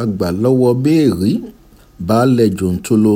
àgbà lọ́wọ́ bẹ́ẹ́lí baálé jòńtóló